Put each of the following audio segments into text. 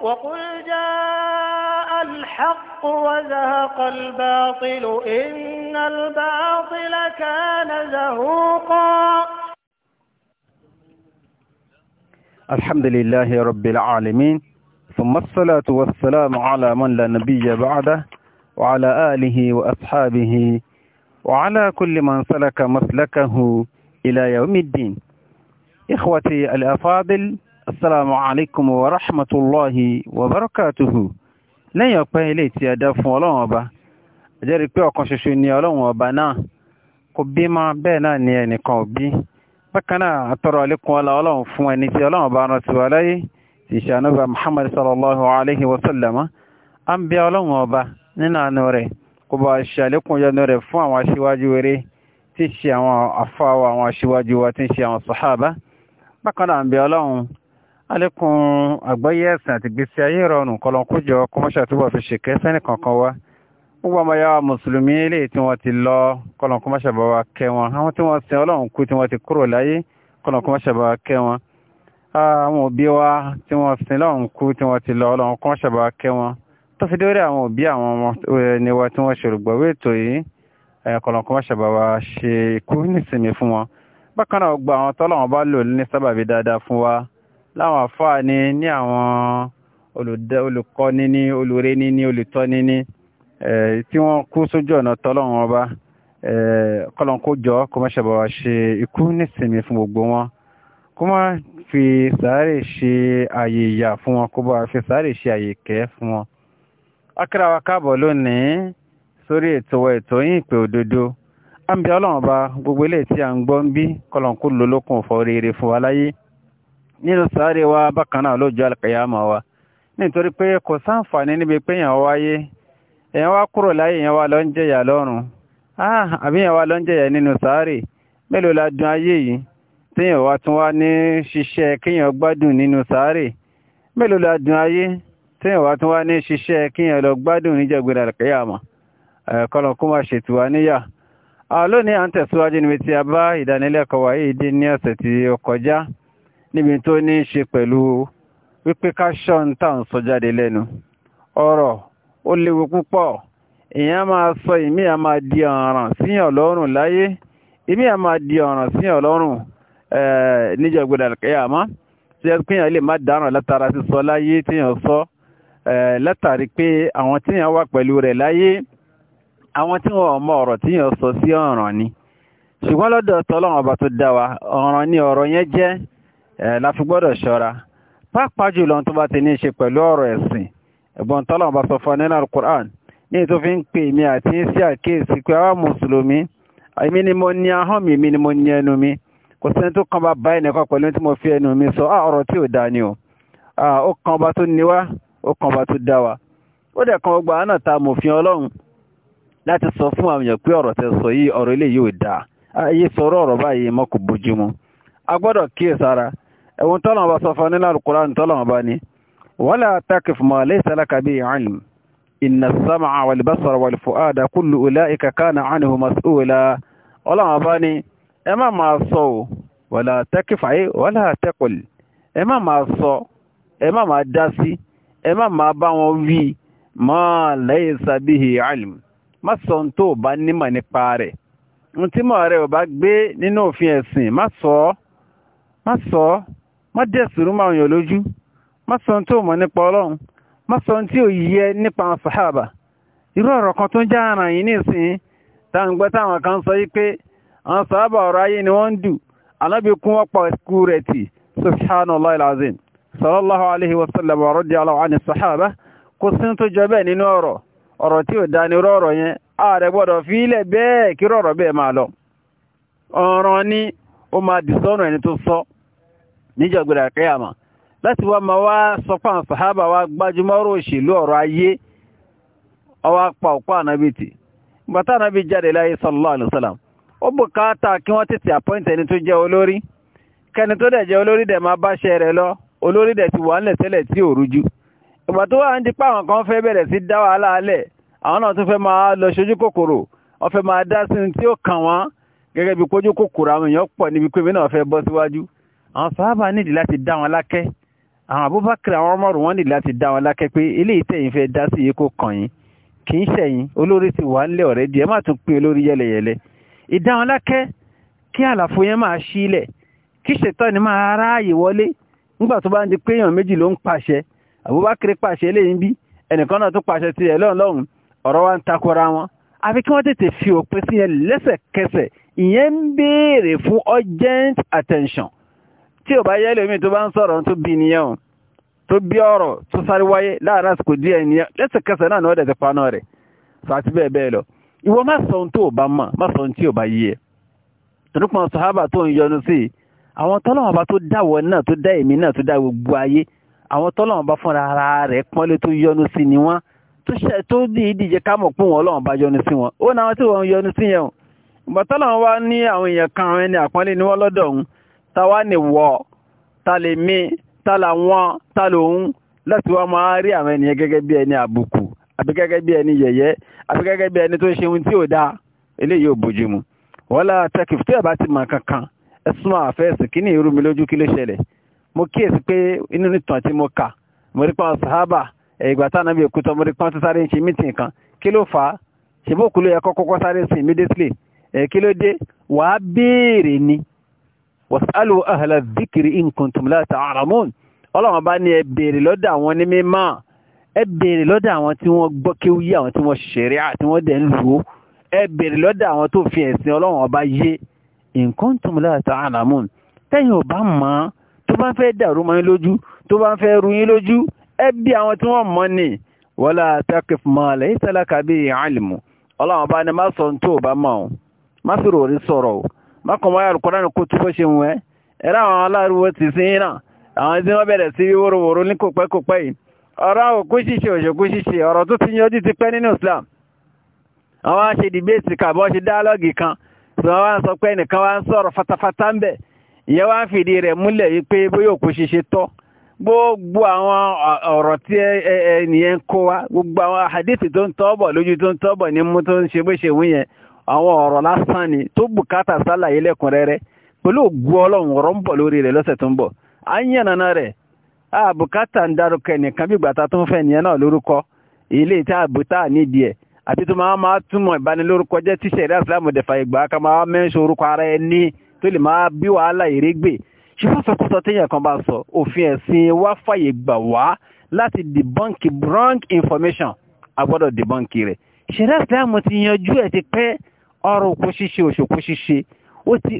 وقل جاء الحق وزهق الباطل إن الباطل كان زهوقا الحمد لله رب العالمين ثم الصلاة والسلام على من لا نبي بعده وعلى آله وأصحابه وعلى كل من سلك مسلكه إلى يوم الدين إخوتي الأفاضل asalaamu alaykum wa rahmatulahi wa barakatuhu lẹ́yìn ọpẹ́ ilé tí a dá fún ọlọ́run ọba àjẹ́rí pé ọ̀kan ṣoṣo ni ọlọ́run ọba náà kò bí ma bẹ́ẹ̀ náà ni ẹnìkan ò bí bákan náà àtọrọ àlékún ọlá ọlọ́run fún ẹni tí ọlọ́run ọba rán tiwa láyé ti ṣàánúbà muhammad sallallahu alayhi wa sallam a ń bí ọlọ́run ọba nínú àánú rẹ̀ kó bá ṣe àlékún yọnu rẹ̀ fún àwọn aṣíwájú rere tí ṣe àwọn afáwọ àwọn aṣíwájú wa tí ń ṣe àwọn sàhábà bákan náà ń bí ọlọ́run alẹ́kùn àgbáyé ẹ̀sìn àti gbèsè ayé ìrọ̀rùn kọlọ̀kújọ kọmọ́ṣà túbọ̀ fi ṣèkẹ́ sẹ́nì kankan wá gbogbo ọmọ ya mùsùlùmí ilé tí wọ́n ti lọ kọlọ̀kúmọ́ṣà bá wa kẹ́ wọn àwọn tí wọ́n sin ọlọ́run kú tí wọ́n ti kúrò láyé kọlọ̀kúmọ́ṣà bá wa kẹ́ wọn àwọn òbí wa tí wọ́n sin ọlọ́run kú tí wọ́n ti lọ ọlọ́run kọmọ́ṣà bá wa wọn tó fi dórí àwọn òbí àwọn ọmọ ẹni eh, wa tí wọ́n ṣèrògbọ̀wé ètò yìí eh, kọlọ̀kúmọ́ṣà bá ṣe ikú láwọn àfáà ni ní àwọn olùkọ́ni ní olùrẹ́ni ní olùtọ́ni ní tí wọ́n kú sójú ọ̀nà tọ́lọ́run ọba kọ́lọ́nkójọ́ kó má ṣe bàbá ṣe ikú nísìnyí fún gbogbo wọn kó má fi sàárè ṣe àyè ìyà fún wọn kó bá fi sàárè ṣe àyè ìkẹ́ fún wọn. akẹ́rẹ́ káàbọ̀ lónìí sórí ètò wa yín ìpè òdodo àǹbí ọlọ́run ọba gbogbo eléyìí tí à ń gbọ́ ń bí kọ́lọ́nkó lólókun ọ̀fọ̀ rere fún wa láyé nínú sáré wa bákan náà lọ́jọ́ alkiyama wa nítorí pé kò sáǹfààní níbi pé èèyàn wáyé èèyàn wá kúrò láyé èèyàn wá lọ ń jẹyà lọ́run ah, àbí èèyàn wá lọ ń jẹyà nínú sáré mélòó la dùn ayé yìí téèyàn wá tún wá ní ṣiṣẹ́ kéèyàn gbádùn nínú sáré mélòó la dùn ayé téèyàn wá tún wá ní ṣiṣẹ́ kéèyàn lọ gbádùn níjàgbéra alkiyama kọlọ̀ kó máa ṣètò wa níyà lónìí à ń tẹ̀síwájú níbi tí a bá ìdánilẹ́kọ̀ọ́ wáyé dín ní ọ̀sẹ̀ tí ó kọjá níbi tó ní í ṣe pẹ̀lú wípé ká ṣọ́n tá à ń sọ jáde lẹ́nu ọ̀rọ̀ ó léwu púpọ̀ èèyàn máa sọ ìmí à máa di ọ̀ràn síyàn lọ́rùn láyé ìmí à máa di ọ̀ràn síyàn lọ́rùn eh, níjọ́ ìgbéra àmọ́ tí ẹ pín yàn lè má dáràn látara sísọ láyé tíyàn sọ eh, látàrí pé àwọn tíyàn wà pẹ̀lú rẹ̀ láyé àwọn tí wọ́n mọ ọ̀rọ̀ tíyàn sọ sí ọ̀ràn ni ṣùgbọ́n lọ́dọ̀ tọ́lọ́run ọba tó dá wa ọ̀ràn ni ọ̀rọ̀ yẹn jẹ́ Eh, lafi gbọ́dọ̀ ṣọ́ra pàápàá jùlọ tó bá ti ní ṣe pẹ̀lú ọ̀rọ̀ ẹ̀sìn ẹ̀bọ̀n tọ́lọ̀ bá sọ fún nínú alukur'an ní tó fi ń pè mí àti sí àkíyèsí pé àwọn mùsùlùmí èmi ni mo ní ahọ́n mi èmi ni mo ní ẹnu mi kò tó kan bá bá ẹnìkan pẹ̀lú tí mo fi ẹnu mi sọ ah, ọ̀rọ̀ tí ò da ni o ah, ó kan ọba tó ní wá ó kan ọba tó dá wa ó dẹ̀ kan gbogbo àánà ta mòfin ọlọ́run láti sọ fún àwọn pé ọ̀rọ̀ tẹ sọ yìí ọ̀rọ̀ eléyìí ò dáa ayé ah, sọ̀rọ̀ ọ̀rọ̀ báyìí mọ́ kò bójúmu a gbọ́dọ̀ kíyèsára ẹ̀wọ̀n tọ́lọ̀ bá sọ fún ní Al-Qur'an tọ́lọ̀ bá ní wala taqif ma laysa laka bihi ilm inna as-sam'a wal basara wal fu'ada kullu ula'ika kana anhu mas'ula ọlọ́wọ́n bá ní ẹ má máa sọ ò wala taqif ayé wala taqul ẹ má máa sọ ẹ má ma sọ má dẹ̀ sùúrù máa yàn lójú má sọ ohun tó mọ̀ nípa ọlọ́run má sọ tí ò yẹ nípa sàhábà irú ọ̀rọ̀ kan tó ń ara yìí nísìnyí táwọn gbọ́ táwọn kan sọ yí pé àwọn sàhábà ọ̀rọ̀ ayé ni wọ́n ń dù kún wọ́n pa ẹ̀kú rẹ̀ tì alayhi wa wa sàhábà sí tó jọ bẹ́ẹ̀ nínú ọ̀rọ̀ ọ̀rọ̀ tí ò ọ̀rọ̀ níjọ̀gbẹ̀rẹ̀ àkẹ́yàmọ̀ láti wá ma wá sọpá sàhábà wá gbájúmọ́rò òṣèlú ọ̀rọ̀ ayé ọwá pa òpá ànábì tì bàtà ànábì jáde láyé sallallahu alaihi wasallam ó bùkátà kí wọ́n tètè appoint ẹni tó jẹ́ olórí kẹni tó dẹ̀ jẹ́ olórí dẹ̀ máa báṣẹ rẹ̀ lọ olórí dẹ̀ ti wà ń lẹ̀tẹ́lẹ̀ tí ò rújú ìgbà tó wà ń di páwọn kan fẹ́ bẹ̀rẹ̀ sí dá wàhálà alẹ̀ àwọn náà tún fẹ́ máa lọ ṣojú kòkòrò wọ́n máa dá sí tí ó kàn wọ́n gẹ́gẹ́ bí kójú kòkòrò àwọn èèyàn pọ̀ níbi pé mi náà fẹ́ bọ́ síwájú àwọn sàhábà nídìí láti dá wọn lákẹ́ àwọn Abubakar àwọn Umaru wọn nídìí láti dá wọn lákẹ́ pé eléyìí tẹ̀yìn fẹ́ dá sí iye kó kàn yín kì í ṣẹ̀yìn olórí ti wà ńlẹ̀ ọ̀rẹ́ díẹ̀ má tún pé olórí yẹlẹyẹlẹ ìdá wọn lákẹ́ kí àlàfo yẹn máa ṣílẹ̀ kí ṣètọ́ ni máa ráàyè wọlé nígbà tó bá ń di pé èèyàn méjì ló ń pàṣẹ Abubakar pàṣẹ eléyìí bí ẹnìkan náà tún pàṣẹ tiẹ̀ lọ́hùn-lọ́hùn ọ̀rọ̀ wa ń takora urgent attention tí ò bá yẹ́ lómi tó bá ń sọ̀rọ̀ tó bí nìyẹn tó bí ọ̀rọ̀ tó sáré wáyé láàrin àsìkò díẹ̀ nìyẹn lẹ́sẹ̀kẹsẹ̀ náà ni wọ́n dẹ̀ ti paná rẹ̀ sọ àti bẹ́ẹ̀ bẹ́ẹ̀ lọ ìwọ má sọ ohun tó bá mọ̀ má sọ ohun tí ò bá yí ẹ̀ tòlúpọ̀ sọ̀hábà tó ń yọnu sí àwọn tọ́lọ́wọ́n bá tó dáwọ̀ náà tó dá èmi náà tó dá gbogbo ayé àwọn tọ́lọ́wọ́n bá fúnra ara rẹ̀ pọ́nlé tó yọnu sí ni wọ́n tó ṣe tó dì í ká mọ̀ pé wọn ọlọ́wọ́n yọnu sí wọn ó náà tí wọ́n yọnu sí yẹn o ìgbà tọ́lọ́wọ́n ní àwọn èèyàn kan ẹni àpọ́nlé ni wọ́n lọ́dọ̀ ọ̀hún tawa ni wọ́ ta lè mí ta làwọn ta lòun láti wá máa rí àwọn ènìyàn gẹ́gẹ́ bí ẹni àbùkù àbí gẹ́gẹ́ bí ẹni yẹ̀yẹ́ àbí gẹ́gẹ́ bí ẹni tó ṣe ohun tí ò dáa eléyìí ò bójú mu wọ́lá tẹ́kìf tí ẹ̀ bá ti mọ̀ kankan ẹ súnmọ́ àfẹ́sì kí ni irú mi lójú kí ló ṣẹlẹ̀ mo kíyèsí pé inú nìtàn tí mo kà mo rí pọ́n sàhábà ìgbà táwọn bí òkúta mo rí pọ́n tó sáré ń ṣe mítìn kan kí ló fà á ṣe bó kú ló yẹ kọ́kọ́ sáré sí immediately kí ló dé wàá béèrè ni wàsálù ahàlà zikiri inkuntum láta àràmùn ọlọ́run bá ní ẹ béèrè lọ́dọ̀ àwọn ní mímọ́ ẹ béèrè lọ́dọ̀ àwọn tí wọ́n gbọ́ kí ó yé àwọn tí wọ́n ṣẹ̀rẹ́ àti wọ́n dẹ̀ ń lò ó ẹ béèrè lọ́dọ̀ àwọn tó fi ẹ̀sìn ọlọ́run ọba yé inkuntum láta àràmùn tẹ́yìn ò bá mọ̀ tó bá fẹ́ dàrú mọ́ lójú tó bá fẹ́ ru yín lójú ẹ àwọn tí wọ́n mọ̀ ni wala takif ma laysa laka bihi ilmu ọlọ́run má sọ ní tó bá mọ̀ ọ́ má fi rò sọ̀rọ̀ ọ́ mákànmáyà alukọ́ránì kó tí bó ṣe wù ẹ́ ẹ̀rọ àwọn aláriwo ti sí iná àwọn tí wọ́n bẹ̀rẹ̀ sí wíwòrowòro ní kòpẹ́kòpẹ́ yìí ọ̀rọ̀ òkú ṣíṣe òṣèkú ṣíṣe ọ̀rọ̀ tó ti yanjú ti pẹ́ nínú Islam àwọn á ṣe dìbéètì kàbọ̀ ṣe dáálọ́gì kan tí wọ́n wá ń sọ pé ẹnìkan wá ń sọ̀rọ̀ fatafata ń bẹ̀ ìyẹn wá ń fìdí rẹ̀ múlẹ̀ yìí pé bóyá òkú ṣíṣe tọ́ gbogbo àwọn ọ̀rọ̀ tí ẹnìyẹn kó wa gbogbo àwọn àdìsí tó ń tọ́ bọ̀ lójú tó ń tọ́ bọ̀ ní mú tó ń ṣe bó ṣe wú àwọn ọ̀rọ̀ lásán ni tó bùkátà sálàyé lẹ́kùnrẹ́rẹ́ pẹ̀lú ògùn ọlọ́run ọ̀rọ̀ ń bọ̀ lórí rẹ̀ lọ́sẹ̀ tó ń bọ̀ á ń yànnàná rẹ̀ á bùkátà ń darúkọ ẹnìkan bí gbàtà tó ń fẹ́ nìyẹn náà lórúkọ ilé tí àbútá nídìí ẹ̀ àti tó máa máa túmọ̀ ìbanilórúkọ jẹ́ tíṣẹ̀ rí àsìlámù dẹ̀fà ìgbà ká máa mẹ́ńṣe orúkọ ara ẹni tó lè máa bí wàhálà ìrégbè ṣífọ́sọkúsọ téèyàn kan bá sọ òfin ẹ̀sìn wá fàyè gbà wá láti debunk wrong information a gbọ́dọ̀ debunk rẹ̀ ṣẹ̀rí àsìlámù ti yanjú ẹ̀ ti pẹ́ ọrùn kú ṣíṣe òṣòkú ṣíṣe ó ti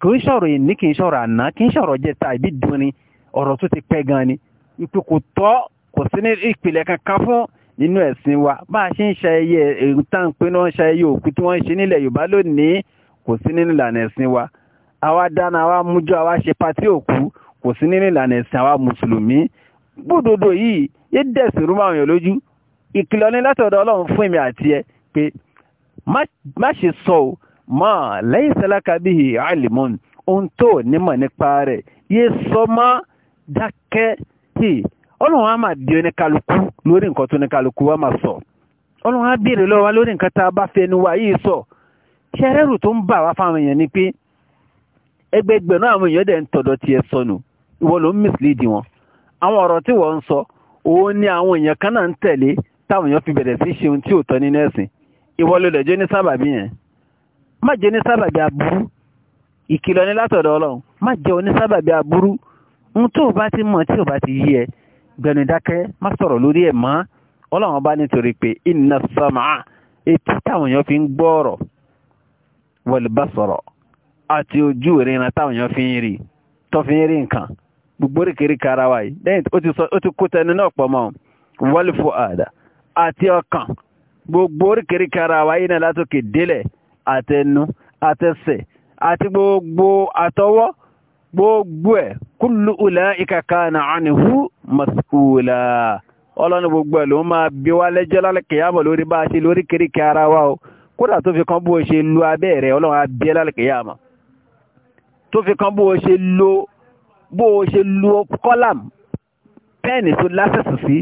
kò ń sọ̀rọ̀ ìní kì í sọ̀rọ̀ àná kì í sọ̀rọ̀ jẹta ìbí dunni ọ̀rọ̀ tó ti pẹ́ gan ni ipò kò tọ́ kò sí ní ìpìlẹ̀ kankan fún nínú ẹ̀sìn wa bá a ṣe ń ṣe ẹyẹ èrú tá à ń pé náà ń ṣe ẹyẹ òkú tí wọ́n ń ṣe nílẹ̀ Yorùbá lónìí kò sí nínú ìlànà ẹ̀sìn wa àwa dáná àwa mújọ àwa ṣe patí òkú kò sí nínú ìlànà ẹ̀sìn àwa mùsùlùmí gbódòdó yìí yé dẹ̀sìn rúmọ̀ àwọn èèyàn lójú ìkìlọ̀ ni látọ̀dọ̀ Ọlọ́run fún èmi àti ẹ pé máṣe sọ ọ mọ́ lẹ́yìn sálákà bí i alimun ohun tó nímọ̀ nípa rẹ̀ yé sọ mọ́ dákẹ́ hì ọlọ́run á máa di oníkálukú lórí nǹkan tó oníkálukú wá máa sọ ọlọ́run á béèrè lọ́wọ́ wa lórí nǹkan tá a bá fi ẹnu wa yìí sọ ṣẹ́rẹ́rù tó ń bà wá fáwọn èèyàn ni pé ẹgbẹgbẹ̀rún àwọn èèyàn dẹ̀ ń tọ̀dọ̀ tiẹ̀ sọnù ìwọ ló ń mislead wọn àwọn ọ̀rọ̀ tí wọ́n ń sọ òun ni àwọn èèyàn kan náà ń tẹ̀lé táwọn èèyàn fi bẹ̀rẹ̀ sí ṣe tí ìwọ ló lẹ̀ jẹ́ ní sábàbí yẹn má jẹ́ ní sábàbí aburú ìkìlọ̀ ní látọ̀dọ̀ ọlọ́run má jẹ́ oní sábàbí aburú ń tó o bá ti mọ̀ tí o bá ti yí ẹ gbẹnu dákẹ́ má sọ̀rọ̀ lórí ẹ̀ mọ́ ọlọ́run bá nítorí pé iná sọ́mà etí táwọn èèyàn fi ń gbọ́ wọlé bá sọ̀rọ̀ àti ojú ìrìnà táwọn èèyàn fi ń rí tó fi ń rí nǹkan gbogbo oríkèéríkè ara wa lẹ́yìn ó ti kó tẹnu náà pọ̀ mọ́ wọlé fún àdá àti ọkàn gbogbo oríkèríkè ara wa yìí náà látòkè délẹ̀ àtẹnu àtẹsẹ̀ àti gbogbo àtọwọ́ gbogbo ẹ̀ kullu ulaika kana anhu mas'ula ọlọ́ni gbogbo ẹ̀ ló máa bí wá lẹ́jọ́ lálẹ́kẹ̀yàmọ̀ lórí bá a ṣe lóríkèríkè ara wa o kódà tó fi kan bó o ṣe lo abẹ́ rẹ̀ ọlọ́run á bí ẹ lálẹ́kẹ̀yàmọ̀ tó fi kan bó ṣe lo bó ṣe lo kọ́làm pẹ́ẹ̀nì tó lásẹ̀sì sí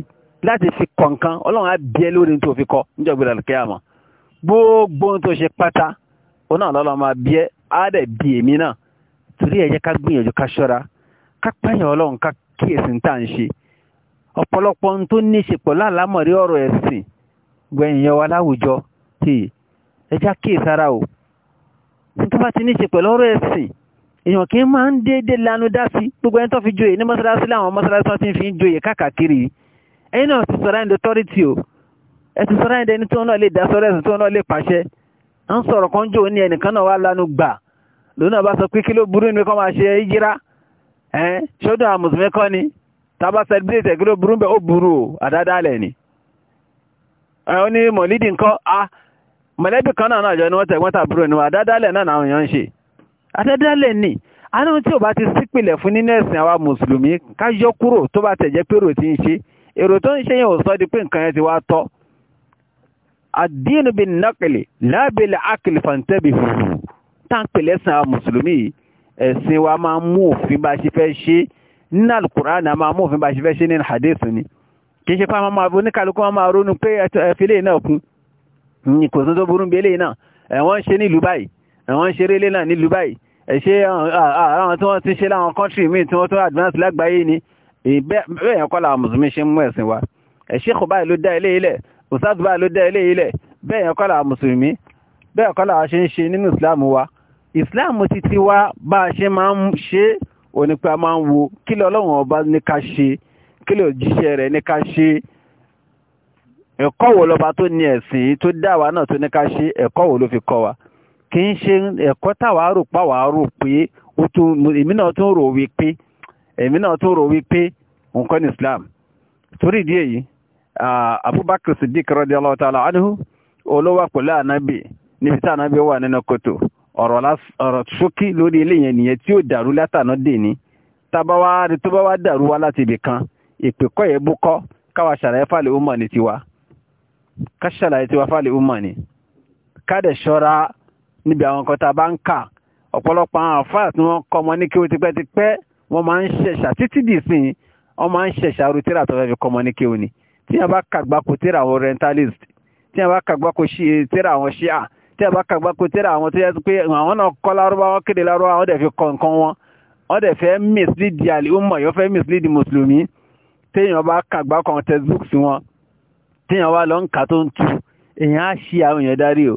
láti fi kọ̀ǹkan ọlọ́run á bí ẹ lórí tó fi kọ́ níjọ́ gbogbo tó ṣe pátá òun náà lọ́lọ́ máa bí ẹ á dẹ̀ bí èmi náà torí ẹ ká gbìyànjú ká ṣọ́ra ká pẹ́yìn ọlọ́run ká kíyèsí ní ń ṣe ọ̀pọ̀lọpọ̀ ohun tó ní ṣe ọ̀rọ̀ ẹ̀sìn gbẹ̀yìn wa láwùjọ kì í máa ń déédéé lanu dá sí gbogbo ẹ̀yin náà ti sọ̀rọ̀ o ẹ ti sọ̀rọ̀ ẹ̀ndẹ̀ ẹni tó náà lè dá sọ̀rọ̀ ẹ̀sìn tó náà lè pàṣẹ à ń sọ̀rọ̀ kan jò ní ẹnìkan náà wà lanu gbà lónà bá sọ pé kí ló burú ní kọ́ máa ṣe ìjírá ẹ̀ ṣọ́dọ̀ àwọn mùsùlùmí kọ́ ni tábà sẹ́lẹ̀bírẹ̀tì kí ló burú bẹ́ẹ̀ ó burú o àdádálẹ̀ ni. ẹ ó ní mọ̀lídìí a mọ̀lẹ́bí kan náà ni náà èrò tó ń ṣe yẹn ò sọ di pé nǹkan yẹn ti wá tọ́ àdínú bin naqli la bil aqli fantabihu táǹpẹ̀ lẹ́sìn àwọn mùsùlùmí ẹ̀sìn wa máa mú òfin bá ṣe fẹ́ ṣe nínú alukur'an a máa mú òfin bá ṣe fẹ́ ṣe nínú hadith ni kì í ṣe fáwọn máa bó níkàlùkù wọn máa ronú pé ẹ̀fílẹ̀ náà kún ní kò tó tó burú bí eléyìí náà ẹ̀wọ́n ń ṣe nílùú báyìí ẹ̀wọ́n ń ṣe rélé náà nílùú báyìí ẹ̀ṣẹ́ àwọn tí wọ́n ti ṣe láwọn kọ́ńtì míì tí wọ́n tó advance lágbàáyé ni bẹ́ẹ̀ yẹn kọ́ làwọn mùsùlùmí ṣe ń mú ẹ̀sìn wa ẹ̀ṣẹ́kù báyìí ló dá ilé ilẹ̀ òsáàtù báyìí ló dá ilé ilẹ̀ bẹ́ẹ̀ yẹn kọ́ làwọn mùsùlùmí bẹ́ẹ̀ kọ́ làwọn ṣe ń ṣe nínú ìsìláàmù wa ìsìláàmù ti ti wá bá a ṣe máa ń ṣe onípa máa ń wo kí lọ ọlọ́run ọba ní ká ṣe kí lọ jíṣẹ́ rẹ̀ ní ká ṣe ẹ̀kọ́ wo lọba tó ní ẹ̀sìn tó dá wa náà tó ní ká ṣe ẹ̀kọ́ wo ló fi kọ́ wa kì í ṣe ẹ̀kọ́ táwa rò pàwà rò pé èmi náà tún rò wí èmi náà tún rò wípé nǹkan islam torí ìdí èyí abubakar siddiq radiyallahu ta'ala anhu olówó pẹ̀lú ànábì níbi tí ànábì wà nínú kòtò ọ̀rọ̀ ṣókí lórí ilé yẹn nìyẹn tí ó dàrú látàná dè ní tábáwá rí tó bá wá dàrú wá láti ibì kan ìpè kọ́ yẹn bú kọ́ káwa ṣàlàyé fáàlì ó mọ̀ tiwa ká ṣàlàyé tiwa fáàlì ó mọ̀ ní ṣọ́ra níbi àwọn kan tá a bá ń kà ọ̀pọ̀lọpọ̀ àwọn àfáà tí wọ́n kọ́ ọmọ ní kí ó ti pẹ́ ti pẹ́ wọ́n máa ń ṣẹ̀ṣà títí dì sí i wọ́n máa ń ṣẹ̀ṣà arú tíra tó fẹ́ fi kọ́mọ ní kéwòn ni tí wọ́n bá kàgbákò tíra àwọn orientalist tí wọ́n bá kàgbákò tíra àwọn ṣíà tí wọ́n bá kàgbákò tíra àwọn tó yẹ pé àwọn náà kọ́ lárúbáwá kéde lárúbáwá wọ́n dẹ̀ fi kọ́ nǹkan wọn wọ́n dẹ̀ fẹ́ mislead àlè ó mọ̀ yóò fẹ́ mislead mùsùlùmí téèyàn bá kàgbákò àwọn textbooks wọn téèyàn wá lọ ń kà tó ń tu èèyàn á ṣe àwọn èèyàn darí o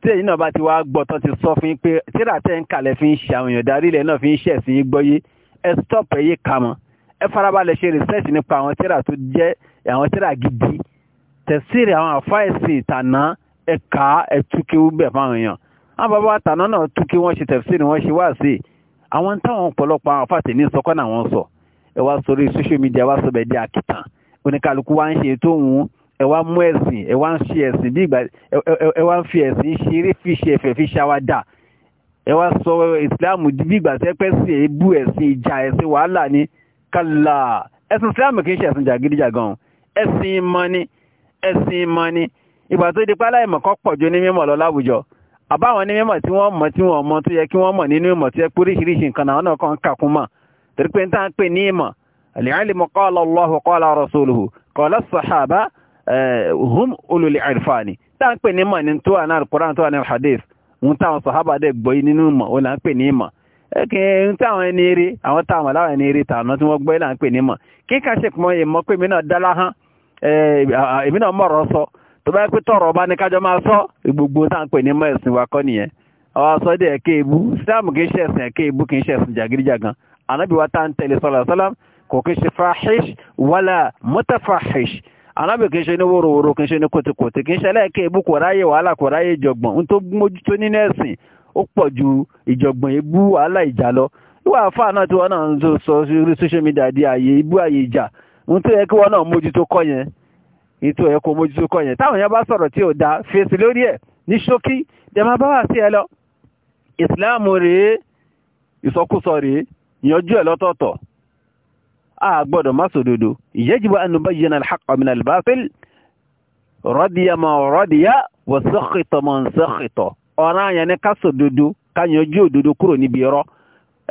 tí èyí náà bá ti wá gbọ́ tán ti sọ fún yín pé tíra tẹ́ ń kalẹ̀ fi ń ṣe àwọn èèyàn darí ilẹ̀ náà fi ń ṣẹ̀sìn yín gbọ́yé ẹ stop kama yé ka mọ́ ẹ farabalẹ̀ ṣe research nípa àwọn tíra tó jẹ́ àwọn tíra gidi tẹ̀síìrì àwọn àfáìsì tana ẹ kà á ẹ túkì bẹ̀ fáwọn èèyàn àwọn bàbá àtànà náà túkì wọ́n ṣe tẹ̀síìrì wọ́n ṣe wáàsí àwọn táwọn ọ̀pọ̀lọpọ̀ àwọn àfáàtì ní sọ́kọ́ náà wọ́n sọ ẹ wá social media wá sọ bẹ́ẹ̀ di àkìtàn oníkálukú wá ń ṣe tó ń wọ́n ẹ wá mú ẹ̀sìn ẹ wá ń ṣe ẹ̀sìn bí ìgbà ń fi ẹ̀sìn ṣeré fi ṣe ẹ̀fẹ̀ fi ṣàwádà ẹ wá sọ ìsìláàmù bí ìgbà tẹ́ pẹ́ sí ebú ẹ̀sìn ìjà ẹ̀sìn wàhálà ni kàlà ẹ̀sìn ìsìláàmù kì í ṣe ẹ̀sìn jàgídíjàgan ẹ̀sìn ìmọ̀ ni ẹ̀sìn ìmọ̀ ni ìgbà tó di pálá ìmọ̀ kan pọ̀ ju ní mímọ̀ lọ láwùjọ àbáwọn ní mímọ̀ tí wọ́n mọ̀ tí wọ́n mọ̀ tó yẹ kí wọ́n mọ̀ nínú ìmọ̀ tó yẹ pé oríṣiríṣi nǹkan náà náà kan kàkún mọ̀ torí pé ń tán pè ní ìmọ̀ al-ilmu qala Allahu qala rasuluhu qala as-sahaba eh, hum ulul irfani tán pè ní ìmọ̀ ní tó wà náà Al-Qur'an tó wà ní hadith ń táwọn sọ̀hábà dẹ̀ gbọ́ yìí nínú ìmọ̀ òun là ń pè ní ìmọ̀ ẹ̀kẹ́ ń táwọn ẹni eré àwọn táwọn aláwọ̀ ẹni eré tààná tí wọ́n gbọ́ yìí là ń pè ní ìmọ̀ kíkà ṣe pọ̀ ìmọ̀ pé èmi náà dálá hán èmi náà mọ̀rọ̀ sọ tó bá pé tọrọ ọba ní kájọ máa sọ gbogbo tá à ń pè ní ìmọ̀ ẹ̀sìn wa kọ́ nìyẹn àwọn fahish anábì kìí ṣe ní wòròwòrò kìí ṣe ní kòtìkòtì kìí ṣẹlẹ̀ kí ebú kò ráyè wàhálà kò ráyè ìjọ̀gbọ̀n ń tó mójútó nínú ẹ̀sìn ó pọ̀ ju ìjọ̀gbọ̀n ebú wàhálà ìjà lọ níwà àfa náà tí wọ́n náà ń sọ orí social media di àyè ibú àyè ìjà ń tó yẹ kí wọ́n náà mójútó kọ́ yẹn ètò ẹ̀ kò mójútó kọ́ yẹn táwọn yẹn bá sọ̀rọ̀ tí ò da fèsì lórí ẹ̀ ní ṣókí dẹ̀mọ́ bá wà sí ẹ lọ a gbọ́dọ̀ má sòdodo yajibu an nubayyana al-haqqa min al-batil radiya man radiya wa sakhita man sakhita ọ̀ràn àyàn ni ká sòdodo ká yanjú òdodo kúrò níbi irọ́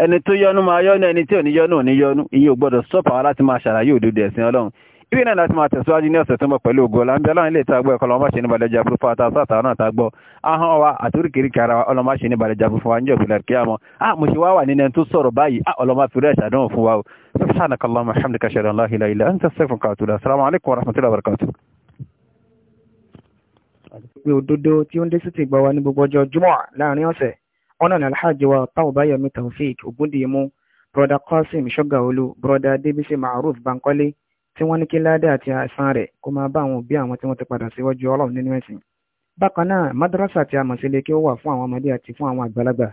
ẹni tó yọnu máa yọnu ẹni tí ò ní yọnu ò ní yọnu ìyẹn ò gbọ́dọ̀ sọ́pà wá láti máa ṣàlàyé òdodo ẹ̀sìn ọlọ́run ibi náà láti máa tẹ̀síwájú ní ọ̀sẹ̀ tó mọ̀ pẹ̀lú ògo láńbẹ́ ọlọ́run ilé ìtagbọ́ ẹ̀kọ́ ọlọ́mọṣẹ́ ní balẹ̀ jaburú fún ata sáta náà tagbọ́ ahọ́n wa àtúríkèríkè ara ọlọ́mọṣẹ́ ní balẹ̀ jaburú fún wa ní ọ̀gbìnlẹ̀ kíámọ́ ah mo ṣe wá wà nínú ẹni tó sọ̀rọ̀ báyìí ah ọlọ́mọ fi rẹ̀ ṣàdánwò fún wa o سبحانك اللهم وبحمدك اشهد ان لا اله الا انت استغفرك واتوب السلام عليكم ورحمه الله وبركاته pé òdodo tí ó ń dé sí ti gbọ́ wa ní gbogbo ọjọ́ jùmọ̀ láàrin ọ̀sẹ̀ ọ̀nà ní alhaji wa Taubayomi Taofik Ogundimu broda Qasim Ṣọ́gàolú broda Debisi Maruf Bankole tí wọ́n ní kí ládé àti àìsàn rẹ̀ kó máa bá àwọn òbí àwọn tí wọ́n ti padà síwájú ọlọ́run nínú ẹ̀sìn. bákan náà madrasa àti amọ̀sílẹ̀ kí ó wà fún àwọn ọmọdé àti fún àwọn àgbàlagbà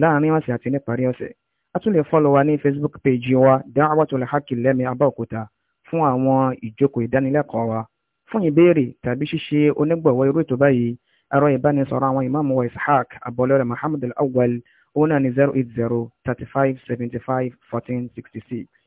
láàrin ọ̀sẹ̀ àti níparí ọ̀sẹ̀ a tún lè fọ́lọ̀ wa ní Facebook page wa Da'watul Haqq lẹ́mí Abẹ́òkúta fún àwọn ìjókòó ìdánilẹ́kọ̀ọ́ wa fún ìbéèrè tàbí ṣíṣe onígbọ̀wọ́ irú ètò báyìí ẹ̀rọ ìbánisọ̀rọ̀ àwọn ìmáàmù wa Ishaq Abọ́lẹ́rẹ̀ Muhammad awwal òun zero eight zero thirty five seventy five fourteen sixty six.